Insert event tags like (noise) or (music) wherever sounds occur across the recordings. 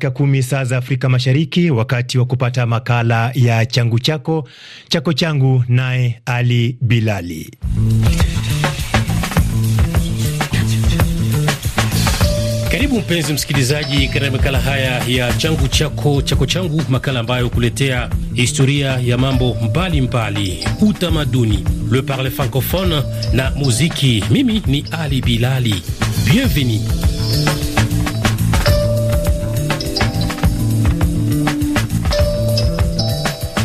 Dakika kumi saa za Afrika Mashariki, wakati wa kupata makala ya changu chako chako changu, naye Ali Bilali. Karibu mpenzi msikilizaji, katika makala haya ya changu chako chako changu, makala ambayo hukuletea historia ya mambo mbalimbali, utamaduni, le parle francophone na muziki. Mimi ni Ali Bilali, bienvenue.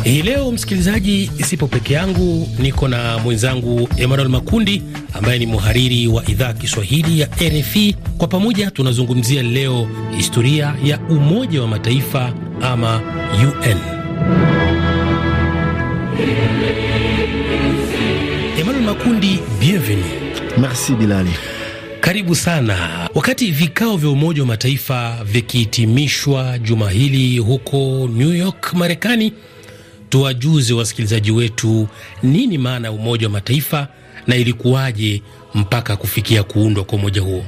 Hii leo msikilizaji, sipo peke yangu, niko na mwenzangu Emmanuel Makundi ambaye ni mhariri wa idhaa Kiswahili ya RFI. Kwa pamoja tunazungumzia leo historia ya Umoja wa Mataifa ama UN. Emmanuel Makundi, bienvenue. Merci Bilali. Karibu sana. Wakati vikao vya Umoja wa Mataifa vikihitimishwa juma hili huko New York, Marekani, tuwajuze wasikilizaji wetu nini maana ya Umoja wa Mataifa na ilikuwaje mpaka kufikia kuundwa kwa umoja huo.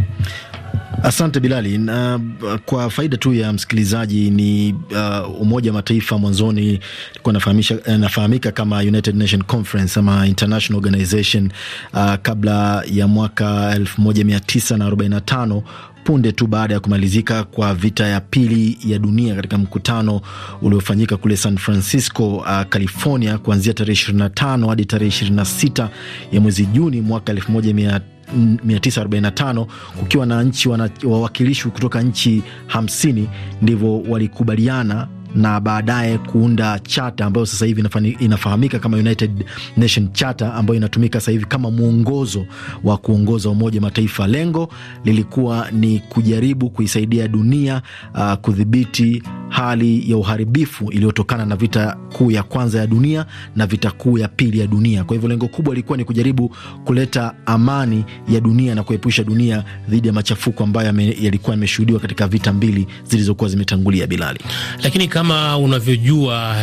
Asante Bilali, na uh, kwa faida tu ya msikilizaji ni uh, Umoja wa Mataifa mwanzoni eh, nafahamika kama United Nation Conference ama International Organization uh, kabla ya mwaka 1945 punde tu baada ya kumalizika kwa vita ya pili ya dunia katika mkutano uliofanyika kule San Francisco, uh, California kuanzia tarehe 25 hadi tarehe 26 ya mwezi Juni mwaka 1945 kukiwa na nchi wawakilishi kutoka nchi 50, ndivyo walikubaliana na baadaye kuunda chata ambayo sasa hivi inafahamika kama United Nation Charter ambayo inatumika sasa hivi kama mwongozo wa kuongoza Umoja Mataifa. Lengo lilikuwa ni kujaribu kuisaidia dunia uh, kudhibiti hali ya uharibifu iliyotokana na vita kuu ya kwanza ya dunia na vita kuu ya pili ya dunia. Kwa hivyo lengo kubwa lilikuwa ni kujaribu kuleta amani ya dunia na kuepusha dunia dhidi ya machafuko ambayo yalikuwa yameshuhudiwa katika vita mbili zilizokuwa zimetangulia Bilali, lakini kama unavyojua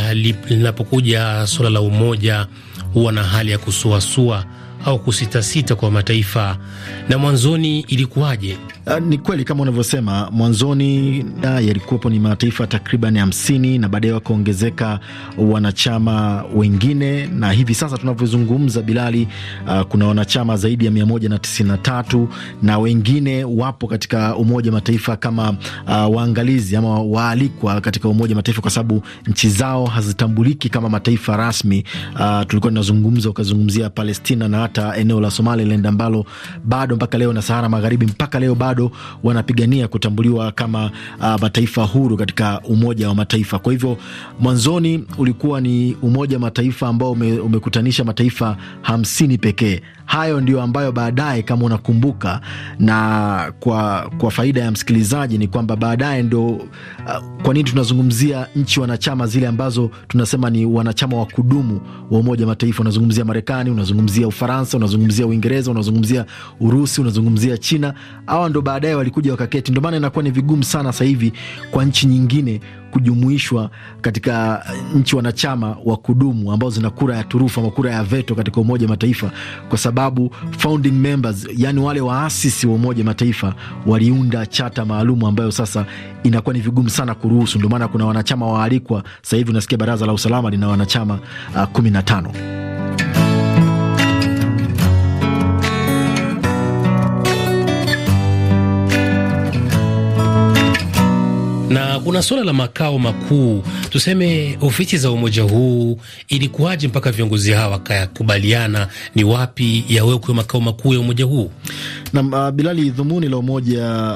linapokuja suala la umoja huwa na hali ya kusuasua au kusitasita kwa mataifa? Na mwanzoni ilikuwaje? Ah, ni kweli kama unavyosema, mwanzoni ah, yalikuwepo ni mataifa takriban hamsini na baadaye wakaongezeka wanachama wengine, na hivi sasa tunavyozungumza, Bilali, uh, kuna wanachama zaidi ya 193 na wengine wapo katika Umoja Mataifa kama uh, waangalizi ama waalikwa katika Umoja Mataifa kwa sababu nchi zao hazitambuliki kama mataifa rasmi. Uh, tulikuwa tunazungumza ukazungumzia Palestina na hata eneo la Somaliland ambalo bado mpaka leo na Sahara Magharibi mpaka leo bado wanapigania kutambuliwa kama uh, mataifa huru katika Umoja wa Mataifa. Kwa hivyo mwanzoni ulikuwa ni Umoja wa Mataifa ambao ume, umekutanisha mataifa hamsini pekee hayo ndio ambayo baadaye, kama unakumbuka, na kwa, kwa faida ya msikilizaji ni kwamba baadaye ndo uh, kwa nini tunazungumzia nchi wanachama zile ambazo tunasema ni wanachama wa kudumu wa Umoja Mataifa. Unazungumzia Marekani, unazungumzia Ufaransa, unazungumzia Uingereza, unazungumzia Urusi, unazungumzia China. Hawa ndo baadaye walikuja wakaketi. Ndio maana inakuwa ni vigumu sana sahivi hivi kwa nchi nyingine kujumuishwa katika eh, nchi wanachama wa kudumu ambazo zina kura ya turufu ama kura ya veto katika Umoja Mataifa, kwa sababu founding members, yani wale waasisi wa Umoja Mataifa waliunda chata maalumu ambayo sasa inakuwa ni vigumu sana kuruhusu. Ndio maana kuna wanachama waalikwa. Sasa hivi unasikia Baraza la Usalama lina wanachama uh, kumi na tano. na kuna suala la makao makuu, tuseme ofisi za umoja huu, ilikuwaje mpaka viongozi hawa wakakubaliana ni wapi yawekwe makao makuu ya umoja huu? Na uh, ah, Bilali, dhumuni la umoja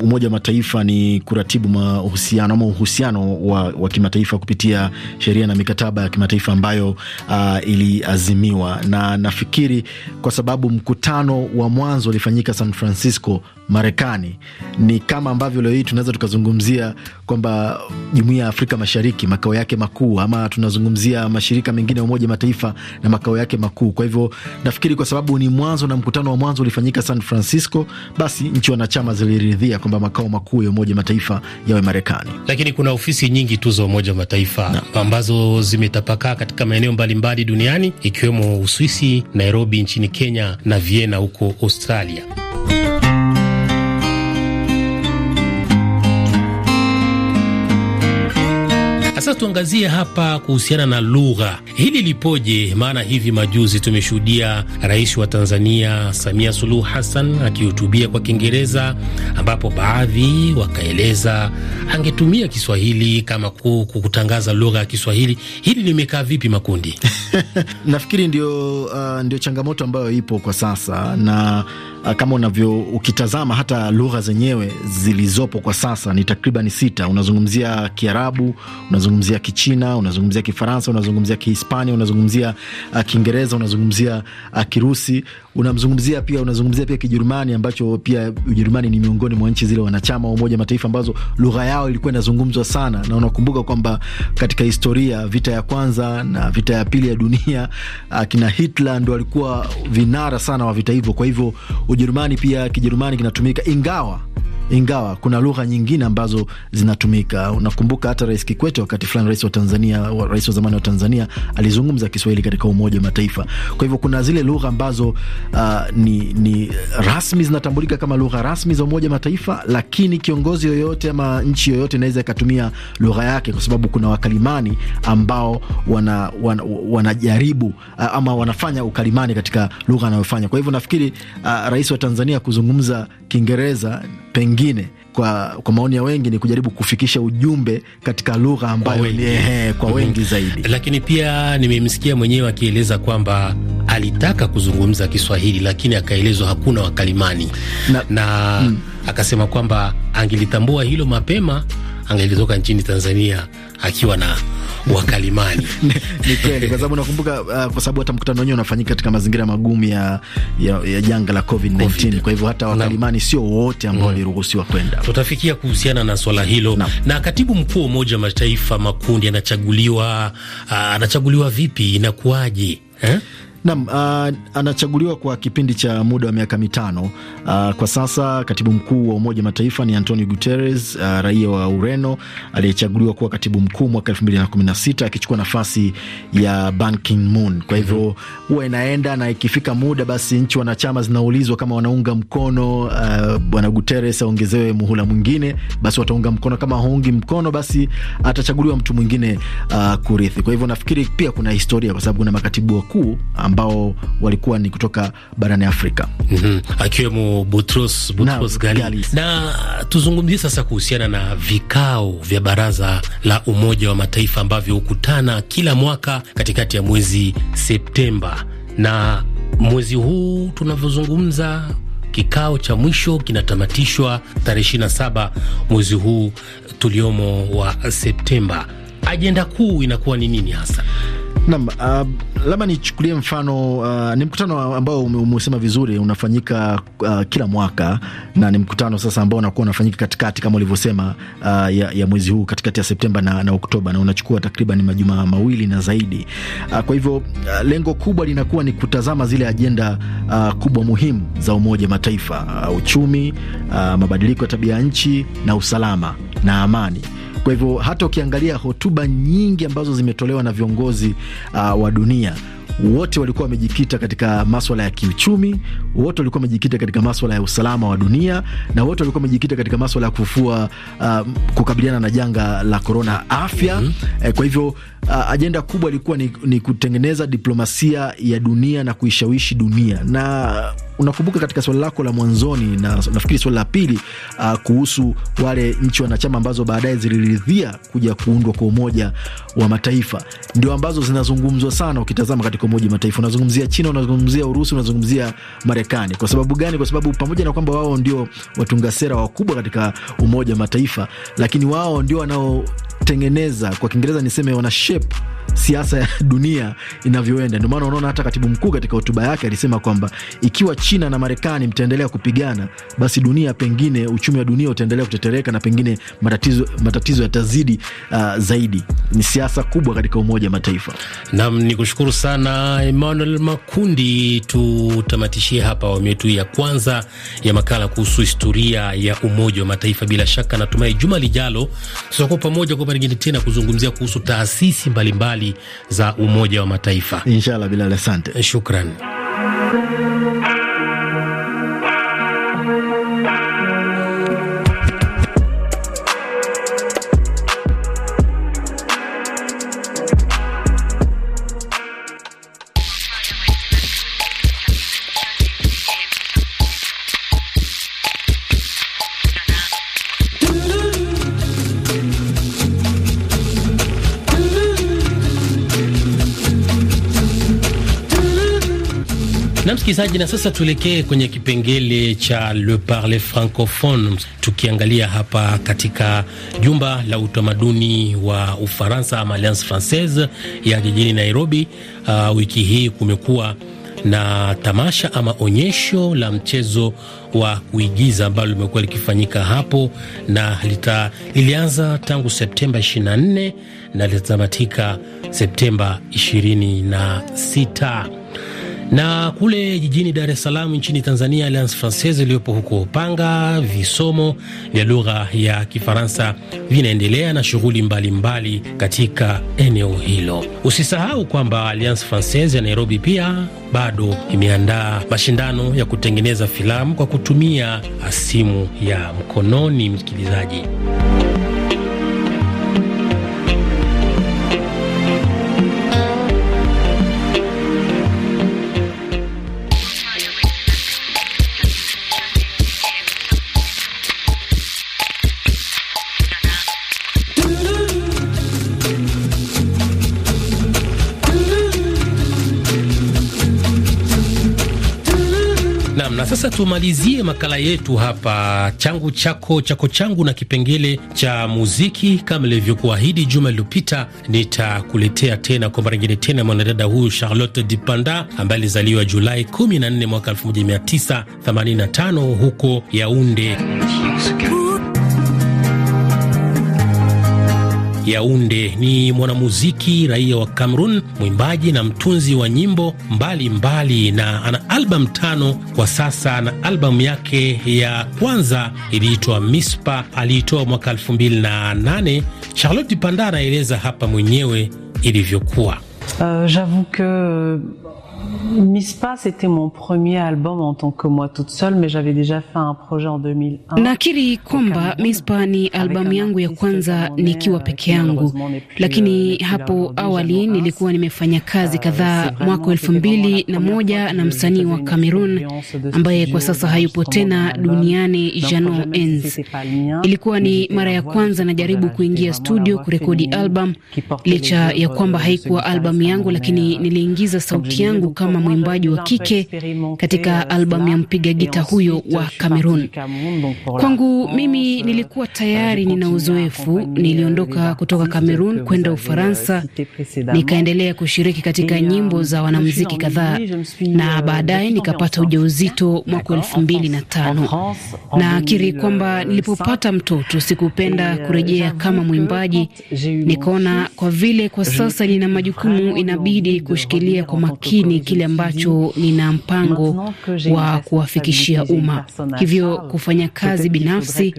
Umoja wa Mataifa ni kuratibu mahusiano ama uhusiano wa, wa kimataifa kupitia sheria na mikataba ya kimataifa ambayo uh, iliazimiwa, na nafikiri kwa sababu mkutano wa mwanzo ulifanyika San Francisco Marekani, ni kama ambavyo leo hii tunaweza tukazungumzia kwamba Jumuiya ya Afrika Mashariki makao yake makuu ama tunazungumzia mashirika mengine ya Umoja Mataifa na makao yake makuu. Kwa hivyo nafikiri kwa sababu ni mwanzo na mkutano wa mwanzo ulifanyika San Francisco, basi nchi wanachama ziliridhia kwamba makao makuu ya Umoja Mataifa yawe Marekani. Lakini kuna ofisi nyingi tu za Umoja Mataifa na ambazo zimetapakaa katika maeneo mbalimbali duniani ikiwemo Uswisi, Nairobi nchini Kenya na Vienna huko Australia. Sasa tuangazie hapa kuhusiana na lugha, hili lipoje? Maana hivi majuzi tumeshuhudia rais wa Tanzania Samia Suluhu Hassan akihutubia kwa Kiingereza, ambapo baadhi wakaeleza angetumia Kiswahili kama kutangaza lugha ya Kiswahili. Hili limekaa vipi, Makundi? (laughs) Nafikiri ndio, uh, ndio changamoto ambayo ipo kwa sasa na Ah, kama unavyo ukitazama hata lugha zenyewe zilizopo kwa sasa ni takriban sita. Unazungumzia Kiarabu, unazungumzia Kichina, unazungumzia Kifaransa, unazungumzia Kihispania, unazungumzia uh, Kiingereza, unazungumzia uh, Kirusi, unamzungumzia pia unazungumzia pia Kijerumani ambacho pia Ujerumani ni miongoni mwa nchi zile wanachama wa Umoja Mataifa ambazo lugha yao ilikuwa inazungumzwa sana, na unakumbuka kwamba katika historia vita ya kwanza na vita ya pili ya dunia akina Hitler ndo walikuwa vinara sana wa vita hivyo, kwa hivyo Ujerumani pia Kijerumani kinatumika ingawa ingawa kuna lugha nyingine ambazo zinatumika. Unakumbuka hata Rais Kikwete wakati fulani, rais wa Tanzania, rais wa zamani wa Tanzania alizungumza Kiswahili katika Umoja wa Mataifa. Kwa hivyo kuna zile lugha ambazo uh, ni, ni rasmi zinatambulika kama lugha rasmi za Umoja wa Mataifa, lakini kiongozi yoyote ama nchi yoyote inaweza ikatumia lugha yake, kwa sababu kuna wakalimani ambao wana, wana, wanajaribu uh, ama wanafanya ukalimani katika lugha anayofanya. Kwa hivyo nafikiri uh, rais wa Tanzania kuzungumza Kiingereza pengine kwa, kwa maoni ya wengi ni kujaribu kufikisha ujumbe katika lugha ambayo kwa wengi, he, kwa mhm. wengi mm -hmm. zaidi. Lakini pia nimemsikia mwenyewe akieleza kwamba alitaka kuzungumza Kiswahili lakini akaelezwa hakuna wakalimani na, na mm. akasema kwamba angelitambua hilo mapema angelitoka nchini Tanzania akiwa na wa Kalimani. (laughs) Ni kweli, kwa sababu nakumbuka, uh, kwa sababu hata mkutano wenyewe unafanyika katika mazingira magumu ya, ya, ya janga la COVID-19 COVID. Kwa hivyo hata wakalimani sio wote ambao mm. waliruhusiwa mm. kwenda. Tutafikia kuhusiana na swala hilo na, na katibu mkuu wa Umoja Mataifa makundi anachaguliwa, uh, anachaguliwa vipi, inakuwaje eh? Nam uh, ah, anachaguliwa kwa kipindi cha muda wa miaka mitano. Uh, kwa sasa katibu mkuu wa Umoja Mataifa ni Antonio Guterres, uh, raia wa Ureno aliyechaguliwa kuwa katibu mkuu mwaka elfu mbili na na kumi sita akichukua nafasi ya Ban Ki-moon. Kwa hivyo huwa mm -hmm. inaenda na ikifika muda basi nchi wanachama zinaulizwa kama wanaunga mkono uh, bwana Guterres aongezewe muhula mwingine, basi wataunga mkono. Kama haungi mkono, basi atachaguliwa mtu mwingine uh, kurithi. Kwa hivyo nafikiri pia kuna historia kwa sababu kuna makatibu wakuu um, ambao walikuwa ni kutoka barani Afrika mm -hmm. akiwemo Boutros Boutros Gali. Na tuzungumzie sasa kuhusiana na vikao vya Baraza la Umoja wa Mataifa ambavyo hukutana kila mwaka katikati ya mwezi Septemba, na mwezi huu tunavyozungumza kikao cha mwisho kinatamatishwa tarehe 27 mwezi huu tuliomo wa Septemba. Ajenda kuu inakuwa ni nini hasa? Naam, uh, labda nichukulie mfano uh, ni mkutano ambao umesema vizuri unafanyika uh, kila mwaka na ni mkutano sasa ambao unakuwa unafanyika katikati kama ulivyosema uh, ya, ya mwezi huu katikati ya Septemba na, na Oktoba na unachukua takriban majuma mawili na zaidi. Uh, kwa hivyo uh, lengo kubwa linakuwa ni kutazama zile ajenda uh, kubwa muhimu za Umoja Mataifa uh, uchumi uh, mabadiliko ya tabia ya nchi na usalama na amani. Kwa hivyo hata ukiangalia hotuba nyingi ambazo zimetolewa na viongozi uh, wa dunia wote walikuwa wamejikita katika maswala ya kiuchumi, wote walikuwa wamejikita katika maswala ya usalama wa dunia, na wote walikuwa wamejikita katika maswala ya kufua uh, kukabiliana na janga la korona, afya mm -hmm. Eh, kwa hivyo uh, ajenda kubwa ilikuwa ni, ni kutengeneza diplomasia ya dunia na kuishawishi dunia na unakumbuka katika swali lako la mwanzoni na nafikiri swali la pili uh, kuhusu wale nchi wanachama ambazo baadaye ziliridhia kuja kuundwa kwa Umoja wa Mataifa ndio ambazo zinazungumzwa sana. Ukitazama katika Umoja wa Mataifa unazungumzia China, unazungumzia Urusi, unazungumzia Marekani. Kwa sababu gani? Kwa sababu pamoja na kwamba wao ndio watunga sera wakubwa katika Umoja wa Mataifa, lakini wao ndio wanaotengeneza, kwa Kiingereza niseme wana siasa ya (laughs) dunia inavyoenda. Ndio maana unaona hata katibu mkuu katika hotuba yake alisema kwamba ikiwa China na Marekani mtaendelea kupigana, basi dunia pengine, uchumi wa dunia utaendelea kutetereka na pengine matatizo, matatizo yatazidi uh, zaidi. Ni siasa kubwa katika Umoja wa Mataifa. Nam ni kushukuru sana Emmanuel Makundi. Tutamatishie hapa awamu yetu ya kwanza ya makala kuhusu historia ya Umoja wa Mataifa. Bila shaka natumai juma lijalo tutakuwa pamoja kwa mara nyingine tena kuzungumzia kuhusu taasisi taasisi mbalimbali za Umoja wa Mataifa. Inshallah, bilal, asante. Shukran. msikilizaji, na sasa tuelekee kwenye kipengele cha Le Parle Francophone, tukiangalia hapa katika jumba la utamaduni wa Ufaransa ama Alliance Francaise ya jijini Nairobi. Uh, wiki hii kumekuwa na tamasha ama onyesho la mchezo wa kuigiza ambalo limekuwa likifanyika hapo na lita, lilianza tangu Septemba 24 na litatamatika Septemba 26. Na kule jijini Dar es Salaam nchini Tanzania, Alliance Francaise iliyopo huko Upanga, visomo vya lugha ya Kifaransa vinaendelea na shughuli mbalimbali katika eneo hilo. Usisahau kwamba Alliance Francaise ya Nairobi pia bado imeandaa mashindano ya kutengeneza filamu kwa kutumia simu ya mkononi, msikilizaji. tumalizie makala yetu hapa changu chako chako changu na kipengele cha muziki. Kama ilivyokuahidi juma iliyopita, nitakuletea tena kwa mara nyingine tena mwanadada huyu Charlotte Dipanda ambaye alizaliwa Julai 14 mwaka 1985 huko Yaunde. Yaunde ni mwanamuziki raia wa Cameroon, mwimbaji na mtunzi wa nyimbo mbalimbali mbali, na ana albamu tano kwa sasa, na albamu yake ya kwanza iliitwa Mispa aliitoa mwaka elfu na Charlotte Panda anaeleza hapa mwenyewe ilivyokuwa. Uh, Mispa, c'était mon premier album en tant que moi toute seule, mais j'avais déjà fait un projet en 2001. Nakiri kwamba Mispa ni albamu yangu ya kwanza nikiwa euh, peke yangu, lakini euh, hapo awali nilikuwa nimefanya euh, kazi kadhaa mwaka elfu mbili na moja na msanii wa Cameroon ambaye kwa sasa hayupo tena duniani, Jano Enz. Ilikuwa ni mara ya kwanza najaribu kuingia studio kurekodi album, licha ya kwamba haikuwa albamu yangu, lakini niliingiza sauti yangu kama kama mwimbaji wa kike katika albamu ya mpiga gita huyo wa Cameroon. Kwangu mimi nilikuwa tayari nina uzoefu. Niliondoka kutoka Cameroon kwenda Ufaransa, nikaendelea kushiriki katika nyimbo za wanamuziki kadhaa, na baadaye nikapata ujauzito mwaka elfu mbili na tano. Naakiri kwamba nilipopata mtoto sikupenda kurejea kama mwimbaji, nikaona kwa vile kwa sasa nina majukumu, inabidi kushikilia kwa makini kile kile ambacho nina mpango wa kuwafikishia umma, hivyo kufanya kazi binafsi.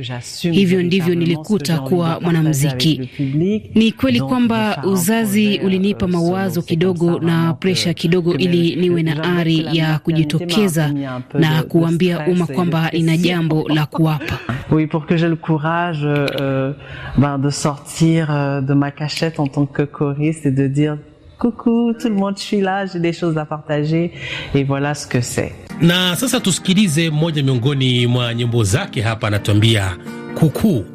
Hivyo ndivyo nilikuta kuwa mwanamuziki. Ni kweli kwamba uzazi ulinipa euh, mawazo kidogo na presha kidogo, ili niwe na ari ya kujitokeza na kuambia umma kwamba nina jambo la kuwapa. Oui, pour que j'ai le courage euh, ben, de sortir euh, de ma cachette en tant que choriste et de dire coucou tout le monde, je suis là, j'ai des choses à partager et voilà ce que c'est. Na sasa tusikilize moja miongoni mwa nyimbo zake hapa, anatuambia Coucou.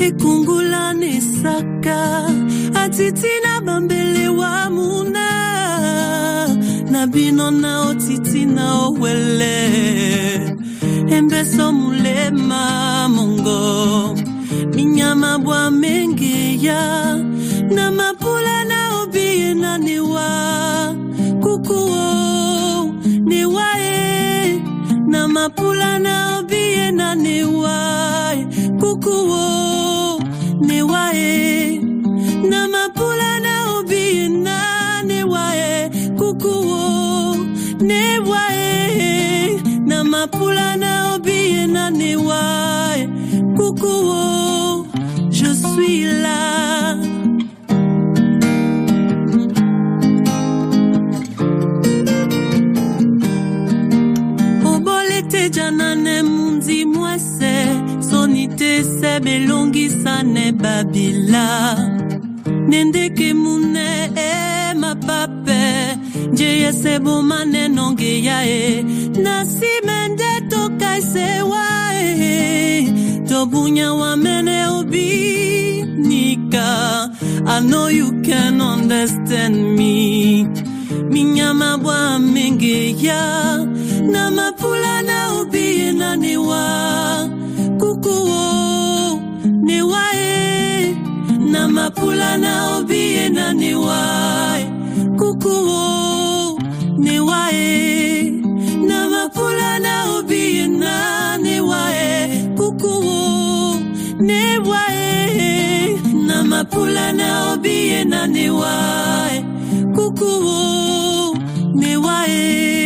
ekungulane saka atiti na wa muna na bino na otiti na owele embeso mulema mongo minyama bwa mengeya na mapula na obiye na newa kukuo newa e na mapula na obiye na newa ne Namapoula na mapula na obi na newae ne newae na mapula na obi na je suis là ndese belongisane babila nendeke mune emapape nje yese bomaneno ngeya e nasime nde tokaisewa e tobunya wamene obinika I know you can understand me minyama bwa mengeya na mapula na ubiye naniwa kuo ne wae na mapula na obie na ne wae kukuo ne wae na mapula na obie na ne wae kukuo ne wae na mapula na obie na ne wae kukuo ne wae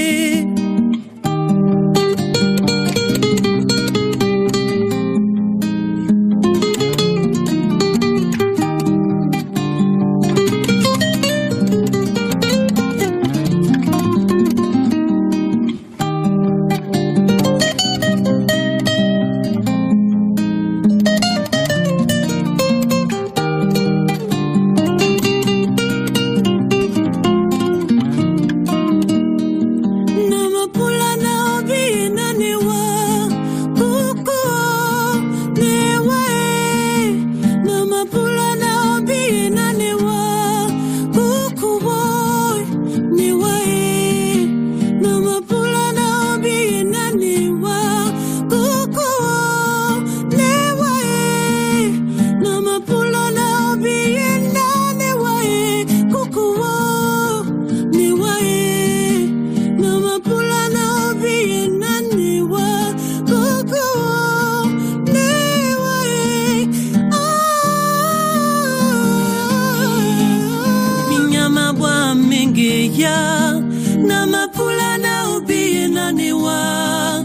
ya na mapula na ubie na newa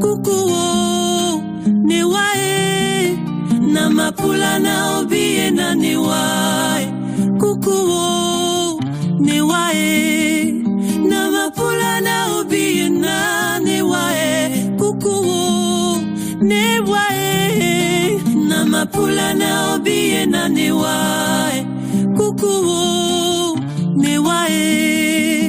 kukuo newae na mapula na ubie na newae kukuo newae na mapula na ubie na newae kukuo newae na mapula na ubie na newae kukuo why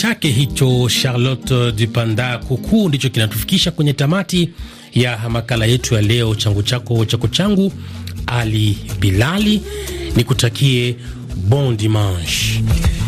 chake hicho Charlotte Dupanda Kuku, ndicho kinatufikisha kwenye tamati ya makala yetu ya leo, changu chako chako changu. Ali Bilali nikutakie bon dimanche.